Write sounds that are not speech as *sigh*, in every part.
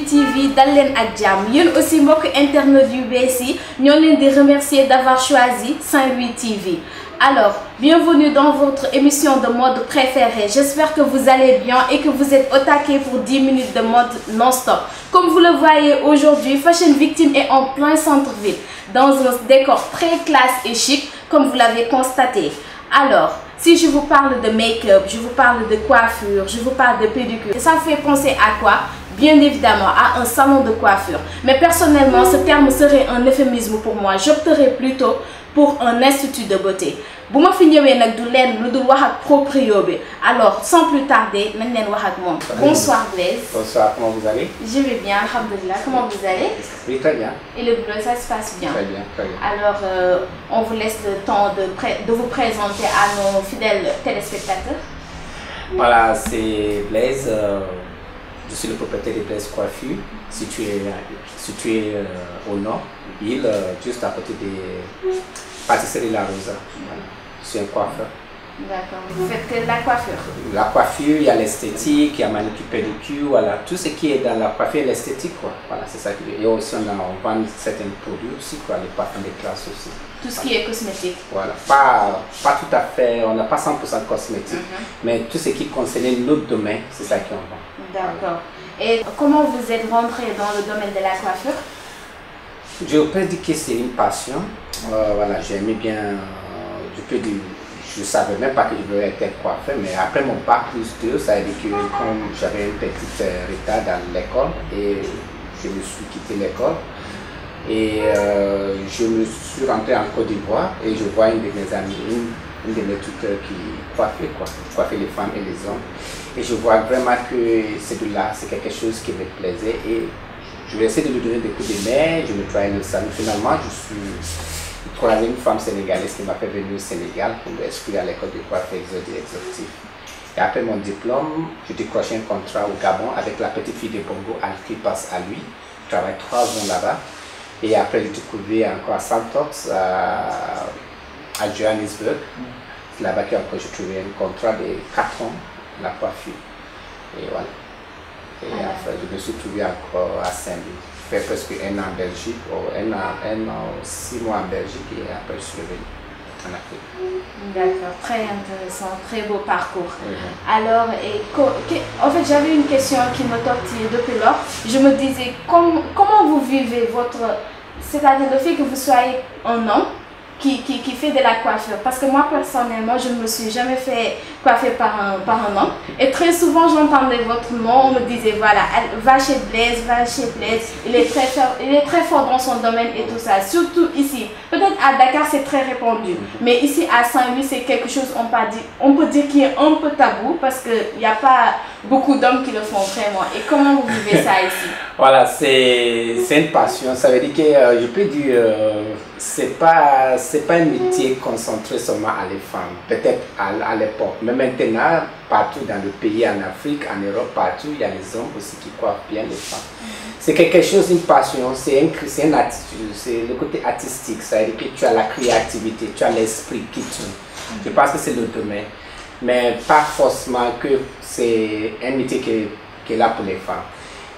TV d'Allen Adjam. Il y a aussi beaucoup Nous on remercier d'avoir choisi saint TV alors bienvenue dans votre émission de mode préférée j'espère que vous allez bien et que vous êtes au taquet pour 10 minutes de mode non-stop comme vous le voyez aujourd'hui Fashion Victim est en plein centre-ville dans un décor très classe et chic comme vous l'avez constaté alors si je vous parle de make-up je vous parle de coiffure je vous parle de pédicure ça fait penser à quoi bien évidemment à un salon de coiffure. Mais personnellement, ce terme serait un euphémisme pour moi. J'opterais plutôt pour un institut de beauté. Si je fi ñëwee nous du leen alors sans plus tarder je leen wax ak bonsoir Blaise. bonsoir comment vous allez. je vais bien Alhamdulillah. comment vous allez. oui très bien. et le boulot ça se passe bien. très bien très bien. alors euh, on vous laisse le temps de de vous présenter à nos fidèles téléspectateurs. voilà c'est Blaise. Euh, je suis le propriétaire de Blaise Coiffure, situé, situé euh, au nord, île, euh, juste à côté des pâtisseries La Rosa. Je suis un coiffeur. D'accord. Vous faites la coiffure La coiffure, il y a l'esthétique, il y a manucure, pédicure, Tout ce qui est dans la coiffure et l'esthétique, quoi. Voilà, c'est ça. Et aussi, on, a, vend certains produits aussi, quoi. Les parfums de classe aussi. Tout ce qui est cosmétique. Voilà, pas, tout à fait, on n'a pas 100% de cosmétique, mhm. mais tout ce qui concerne notre domaine, c'est ça qui en vend. D'accord. Et comment vous êtes rentré dans le domaine de la coiffure euh, euh, Je peux dire que c'est une passion. voilà, voilà, j'aimais bien, je savais même pas que je voulais être coiffé, mais après mon bac plus ça a dit que j'avais une petit euh, retard dans l'école et je me suis quitté l'école, et euh, je me suis rentré en Côte d'Ivoire et je vois une de mes amies, une, de mes tuteurs qui coiffait, quoi, coiffait les femmes et les hommes. Et je vois vraiment que c'est de là, c'est quelque chose qui me plaisait. Et je vais essayer de lui donner des coups de main, je me travaille le salon. Finalement, je suis troisième femme sénégalaise qui m'a fait venir au Sénégal pour m'inscrire à l'école de coiffure des Et après mon diplôme, je décroche un contrat au Gabon avec la petite fille de Bongo, Al, qui passe à lui. Je travaille trois ans là-bas. Et après, j'ai découvert encore à Santos, à, euh, à Johannesburg. C'est mm. là-bas que j'ai trouvé un contrat de 4 ans, la coiffure. Et voilà. Et ah. après, je me suis trouvé encore à Saint-Louis. J'ai fait presque un an en Belgique, ou oh, un an, un an, six mois en Belgique, et après, je suis revenu. D'accord, très intéressant, très beau parcours. Alors, et, en fait, j'avais une question qui me tortillait depuis lors. Je me disais, comment vous vivez votre... C'est-à-dire le fait que vous soyez un homme, qui, fait de la coiffure. Parce que moi, personnellement, je ne me suis jamais fait coiffer par un, par un homme. Et très souvent, j'entendais votre nom, on me disait, voilà, va chez Blaise, va chez Blaise, il est très fort, il est très fort dans son domaine et tout ça. Surtout ici. Peut-être à Dakar, c'est très répandu. Mais ici, à Saint-Louis, c'est quelque chose, on peut dire, on peut dire qu'il est un peu tabou parce qu'il n'y a pas beaucoup d'hommes qui le font vraiment. Et comment vous vivez ça *laughs* ici Voilà, c'est une passion. Ça veut dire que euh, je peux dire, euh, c'est pas c'est pas un métier concentré seulement à les femmes. Peut-être à, à l'époque, mais maintenant, partout dans le pays, en Afrique, en Europe, partout, il y a les hommes aussi qui croient bien les femmes. Mhm. C'est quelque chose, une passion, c'est un, une attitude, c'est le côté artistique. Ça veut dire que tu as la créativité, tu as l'esprit qui tourne. Je pense que c'est le domaine mais pas forcément que c'est un métier qui est, là pour les femmes.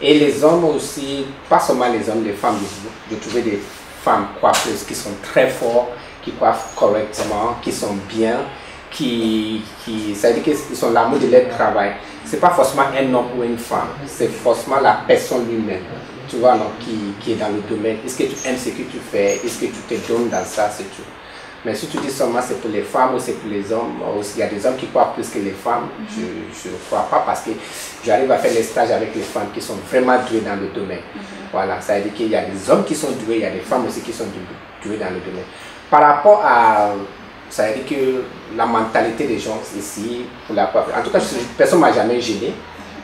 Et les hommes aussi, pas seulement les hommes, les femmes, de trouver des femmes coiffeuses qui sont très fortes, qui coiffent correctement, qui sont bien, qui, qui ça veut dire qu'ils sont l'amour de leur travail. C'est pas forcément un homme ou une femme, c'est forcément la personne lui-même, tu vois, donc qui, qui est dans le domaine. Est-ce que tu aimes ce que tu fais, est-ce que tu te donnes dans ça, c'est tout. Mais si tu dis seulement c'est pour les femmes ou c'est pour les hommes, il y a des hommes qui croient plus que les femmes. Mhm. Je ne crois pas parce que j'arrive à faire les stages avec les femmes qui sont vraiment douées dans le domaine. Mhm. Voilà, ça veut dire qu'il y a des hommes qui sont doués, il y a des femmes aussi qui sont douées dans le domaine. Par rapport à ça veut dire que la mentalité des gens ici, pour la En tout cas, personne ne m'a jamais gêné.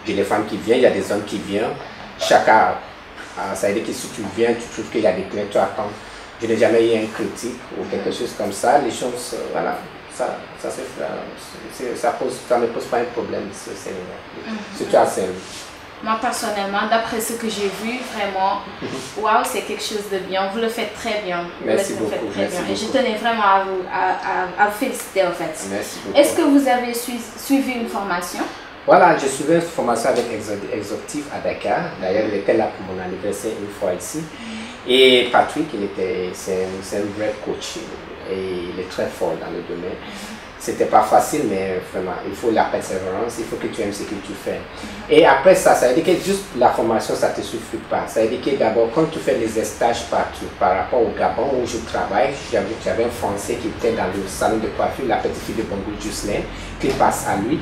J'ai des femmes qui viennent, il y a des hommes qui viennent. Chacun, euh, ça veut dire que si tu viens, tu trouves qu'il y a des clients, tu attends je n'ai jamais eu un critique ou quelque chose comme ça. Les choses, euh, voilà, ça, ça, ça, euh, ça pose, ne pose pas un problème ce au mhm. moi, personnellement, d'après ce que j'ai vu, vraiment, mhm. waouh, c'est quelque chose de bien. Vous le faites très bien. Merci beaucoup. je tenais vraiment à vous, à, féliciter, en fait. Est-ce que vous avez suivi une formation voilà, je suivais une formation avec Exoptif à Dakar. D'ailleurs, il était là pour mon anniversaire une fois ici. Et Patrick, il était, c'est un, vrai coach et il est très fort dans le domaine. C'était pas facile, mais vraiment, il faut la persévérance, il faut que tu aimes ce que tu fais. Et après ça, ça veut dire que juste la formation, ça ne te suffit pas. Ça veut dire que d'abord, quand tu fais des stages partout, par rapport au Gabon où je travaille, j'avais un Français qui était dans le salon de coiffure, la petite fille de Bambou, Juslin, qui passe à lui.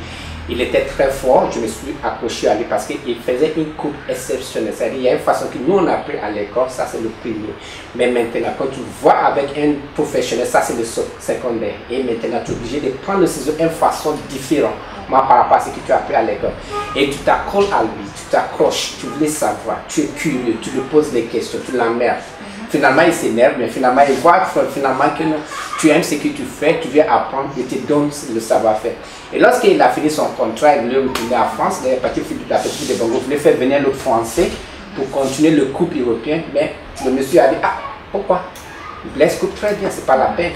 Il était très fort, je me suis accroché à lui parce qu'il faisait une coupe exceptionnelle. C'est-à-dire, il y a une façon que nous on a appris à l'école, ça c'est le premier. Mais maintenant, quand tu vois avec un professionnel, ça c'est le secondaire. Et maintenant, tu es obligé de prendre le ciseau d'une façon différente par rapport à ce que tu as appris à l'école. Et tu t'accroches à lui, tu t'accroches, tu voulais savoir, tu es curieux, tu lui poses des questions, tu l'emmerdes. Finalement, il s'énerve, mais finalement, il voit finalement que tu aimes ce que tu fais, tu viens apprendre, il te donne le savoir-faire. Et lorsqu'il a fini son contrat, il est retourné à France, il est parti de la petite de il Il fait venir le français pour continuer le couple européen, mais le monsieur a dit, ah, pourquoi Il laisse coupe très bien, c'est pas la peine.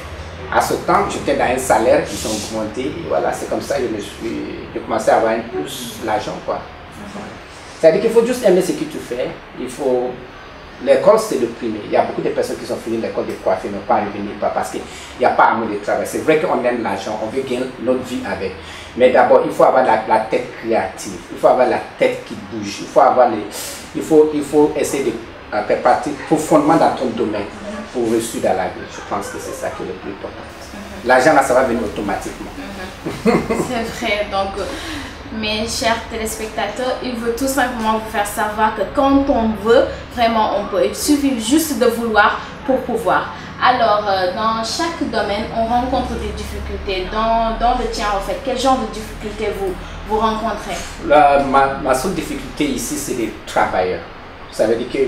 À ce temps, j'étais dans un salaire qui sont augmenté et voilà, c'est comme ça que je me suis, j'ai commencé à avoir un plus l'argent, quoi. C'est-à-dire qu'il faut juste aimer ce que tu fais, il faut L'école, c'est le premier. Il y a beaucoup de personnes qui sont finies l'école de coiffure, mais pas revenir pas parce qu'il n'y a pas mot de travail. C'est vrai qu'on aime l'argent, on veut gagner notre vie avec. Mais d'abord, il faut avoir la, tête créative, il faut avoir la tête qui bouge, il faut, avoir les, il faut, il faut essayer de euh, faire partie profondément dans ton domaine pour réussir dans la vie. Je pense que c'est ça qui est le plus important. L'argent, là, ça va venir automatiquement. Mhm. C'est vrai. Donc, mes chers téléspectateurs, il veut tout simplement vous faire savoir que quand on veut, vraiment on peut. Il suffit juste de vouloir pour pouvoir. Alors, euh, dans chaque domaine, on rencontre des difficultés. Dans, dans le tien, en fait, quel genre de difficultés vous, vous rencontrez ma, ma, seule difficulté ici, c'est les travailleurs. Ça veut dire que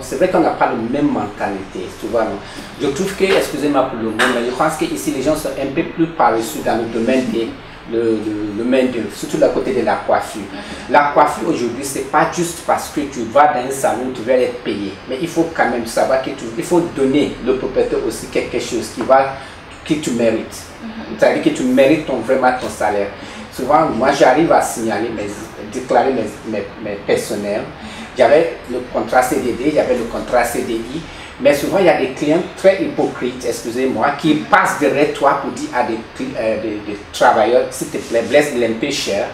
c'est vrai qu'on n'a pas la même mentalité, tu vois. Je trouve que, excusez-moi pour le mot, mais je pense que ici les gens sont un peu plus paresseux dans le domaine des le, le, main-d'œuvre, surtout la côté de la coiffure. La coiffure aujourd'hui, c'est pas juste parce que tu vas dans un salon, tu vas être payé. Mais il faut quand même savoir que il faut donner le propriétaire aussi quelque chose qui va, qui tu mérites. Mhm. C'est-à-dire que tu mérites ton, vraiment ton salaire. Souvent, moi, j'arrive à signaler, mes, déclarer mes, mes, mes personnels. J'avais le contrat CDD, j'avais le contrat CDI. Mais souvent, il y a des clients très hypocrites, excusez-moi, qui passent derrière toi pour dire à des, euh, travailleurs, s'il te plaît, blesse l'empêcheur.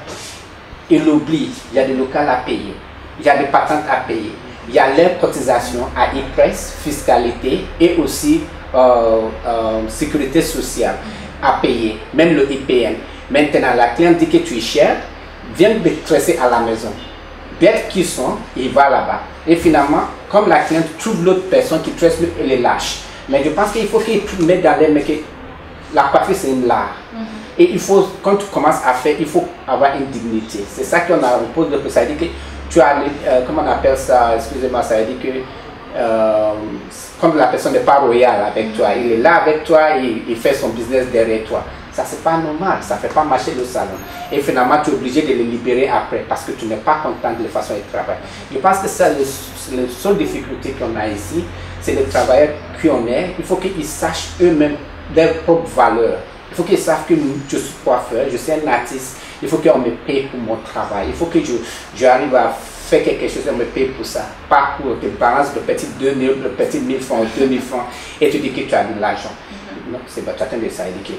Ils l'oublient. Il y a des locales à payer. Il y a des patentes à payer. Il y a leur cotisation à e-press, fiscalité et aussi euh, euh, sécurité sociale à payer, même le IPN. Maintenant, la cliente dit que tu es cher, viens de tresser à la maison. Dès qu'ils sont, il va là-bas. Et finalement, comme la cliente, trouve l'autre personne qui tresse le, les lâche Mais je pense qu'il faut qu'il mette dans l'air, mais que la coiffure, c'est une l'art. Mhm. Et il faut, quand tu commences à faire, il faut avoir une dignité. C'est ça qu'on a, repose pose Ça veut dire que tu as, euh, comment on appelle ça, excusez-moi, ça veut dire que euh, comme la personne n'est pas royale avec mhm. toi, il est là avec toi, et il fait son business derrière toi. Ça, c'est pas normal. Ça fait pas marcher le salon. Et finalement, tu es obligé de les libérer après parce que tu n'es pas content de la façon dont ils travaillent. Je pense que c'est la seule difficulté qu'on a ici, c'est les travailleurs on est. Il faut qu'ils sachent eux-mêmes leurs propres valeurs. Il faut qu'ils savent que je suis coiffeur, je suis un artiste. Il faut qu'on me paye pour mon travail. Il faut que je, j'arrive à faire quelque chose, on me paye pour ça. Pas pour te balance le petit 2000, le petit 1000 francs, 2000 francs, et tu dis que tu as de l'argent. Mm-hmm. Non, c'est pas, tu de ça, éduquer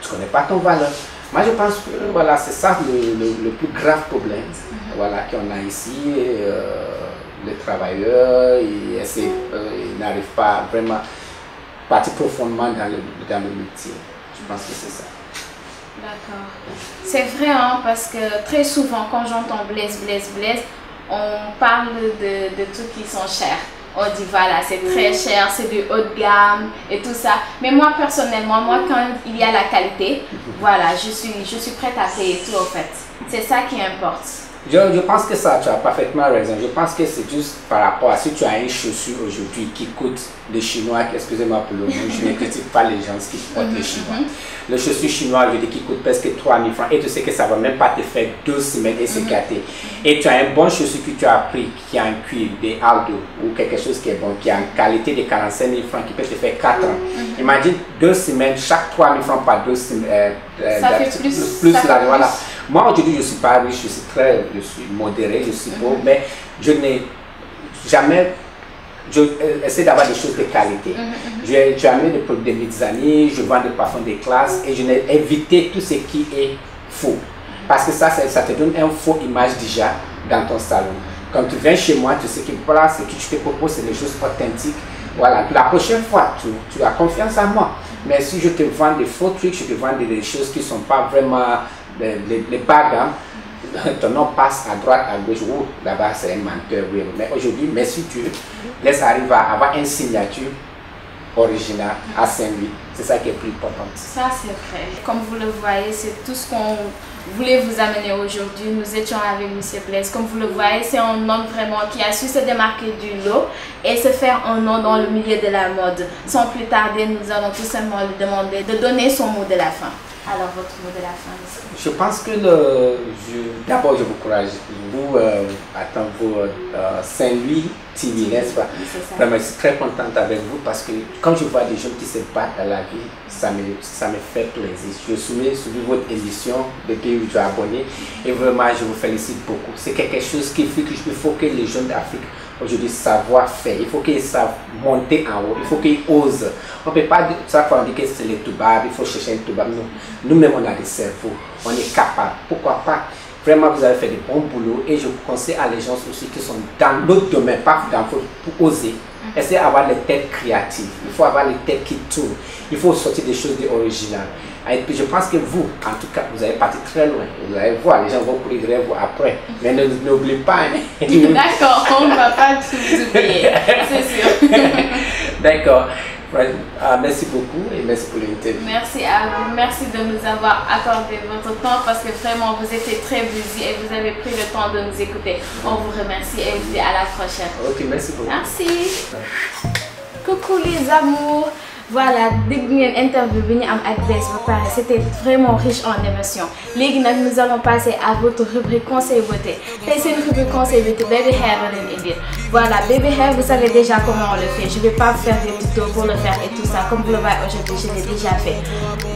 tu ne connais pas ton valeur. Moi, je pense que voilà, c'est ça le, plus grave problème mhm. voilà, qu'on a ici. Euh, les travailleurs, mhm. euh, ils, n'arrivent pas vraiment partir profondément dans le, dans métier. Je pense que c'est ça. D'accord. C'est vrai, hein, parce que très souvent, quand j'entends blesse, blesse, blesse, on parle de, de trucs qui sont chers on dit voilà, c'est très cher, c'est de haut de gamme et tout ça. Mais moi, personnellement, moi, quand il y a la qualité, voilà, je suis, je suis prête à payer tout, en fait. C'est ça qui importe. Je, je, pense que ça, tu as parfaitement raison. Je pense que c'est juste par rapport à si tu as une chaussure aujourd'hui qui coûte des Chinois, excusez-moi pour le mot, je ne critique pas les gens qui portent mhm, des Chinois. Mhm. Le chaussure chinois, je dis, qui coûte presque 3000 francs et tu sais que ça ne va même pas te faire deux semaines et se mhm. gâter. Et tu as un bon chaussure que tu as pris qui a en cuir, des Aldo ou quelque chose qui est bon, qui a en qualité de 45 000 francs, qui peut te faire 4 ans. Imagine deux semaines, chaque 000 francs par deux semaines. Euh, euh, ça fait plus, plus, ça voilà. Moi, aujourd'hui, je ne suis pas riche, je suis très, je suis modéré, je suis beau, mhm. mais je n'ai jamais. Je euh, d'avoir des choses de qualité. Mhm, mhm. Je J'ai jamais de produits de mezzanine, je vends des parfums de classe et je n'ai évité tout ce qui est faux. Parce que ça, ça, te donne une faux image déjà dans ton salon. Quand tu viens chez moi, tu sais que voilà, ce que tu te propose, c'est des choses authentiques. Voilà, la prochaine fois, tu, as confiance en moi. Mais si je te vends des faux trucs, je te vends des, des choses qui ne sont pas vraiment les, bagues, hein. *laughs* ton nom passe à droite, à gauche, ou là-bas c'est un menteur. Mais aujourd'hui, mais si tu laisses arriver à avoir une signature originale à Saint-Louis, c'est ça qui est plus important. Ça, c'est vrai. Comme vous le voyez, c'est tout ce qu'on voulait vous amener aujourd'hui. Nous étions avec M. Blaise. Comme vous le voyez, c'est un homme vraiment qui a su se démarquer du lot et se faire un nom dans le milieu de la mode. Sans plus tarder, nous allons tout simplement lui demander de donner son mot de la fin. Alors, votre mot de la fin Je pense que le, d'abord, je vous encourage, vous, euh, à temps pour euh, Saint-Louis, je suis très contente avec vous parce que quand je vois des jeunes qui se battent à la vie, ça me, ça me fait plaisir. Je suis sur votre émission pays où tu as abonné et vraiment, je vous félicite beaucoup. C'est quelque chose qui fait que qu'il faut que les jeunes d'Afrique aujourd'hui savent faire. Il faut qu'ils savent monter en haut. Il faut qu'ils osent. On ne peut pas ça dire que c'est le bas, il faut chercher un bas. Nous-mêmes, on a des cerveaux. On est capable. Pourquoi pas Vraiment, vous avez fait du bons boulot et je vous conseille à les gens aussi qui sont dans l'autre domaine, pas dans votre, pour oser. Mm-hmm. Essayez d'avoir les têtes créatives. Il faut avoir les têtes qui tournent. Il faut sortir des choses originales. Et puis je pense que vous, en tout cas, vous avez parti très loin. Vous allez voir, les gens vont courir vous après. Mais n'oubliez pas. Hein. D'accord, on ne va pas tout oublier, c'est sûr. *laughs* D'accord. Ah, merci beaucoup et merci pour l'interview. Merci à vous. Merci de nous avoir accordé votre temps parce que vraiment vous étiez très busy et vous avez pris le temps de nous écouter. On vous remercie et vous dit à la prochaine. Ok, merci beaucoup. Merci. Coucou les amours. voilà interview eu am vraiment riche en émotions Ligue nous allons passer à votre rubrique conseil beauté C'est une rubrique conseil beauté baby voilà, Baby Hair, vous savez déjà comment on le fait. Je ne vais pas faire des tutos pour le faire et tout ça. Comme vous le voyez aujourd'hui, je l'ai déjà fait.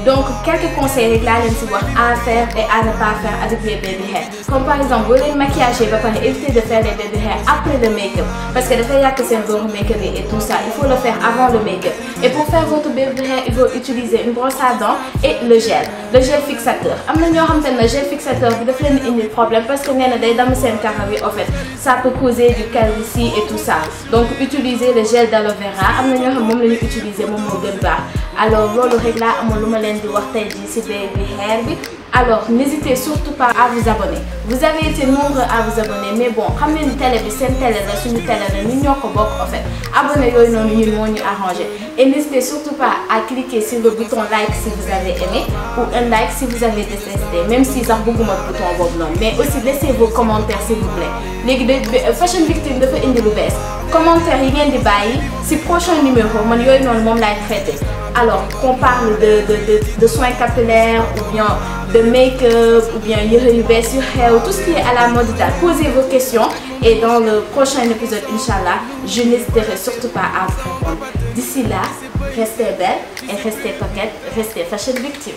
Donc, quelques conseils savoir à faire et à ne pas faire avec les baby hair. Comme par exemple, vous voulez maquillager Vous pouvez éviter de faire les baby hair après le make-up. Parce que le fait, que c'est un make-up et tout ça. Il faut le faire avant le make-up. Et pour faire votre bébé hair, il faut utiliser une brosse à dents et le gel. Le gel fixateur. Le gel fixateur, vous devez une problème parce que vous avez le en fait. Ça peut causer du calcium et tout ça donc utiliser le gel d'aloe vera mon, utiliser alors je rek alors n'hésitez surtout pas à vous abonner vous avez été nombreux à vous abonner mais bon quand même télé bi une télé c'est suñu télé la ñun ñoo bokk en fait Abonnez-vous, non, nous moo arrangé et n'hésitez surtout pas à cliquer sur le bouton like si vous avez aimé ou un like si vous avez détesté même si sax bëgguma bouton en noonu mais aussi laissez vos commentaires s'il vous plaît les fashion Fashion Victime de indi lu bees commentaire yi ngeen di si prochain numéro man yooyu noonu moom laay alors qu'on parle de, soins capillaires ou bien de make-up ou bien de your hair ou tout ce qui est à la mode, posez vos questions et dans le prochain épisode, Inch'Allah, je n'hésiterai surtout pas à vous répondre. D'ici là, restez belle et restez coquette, restez fashion victime.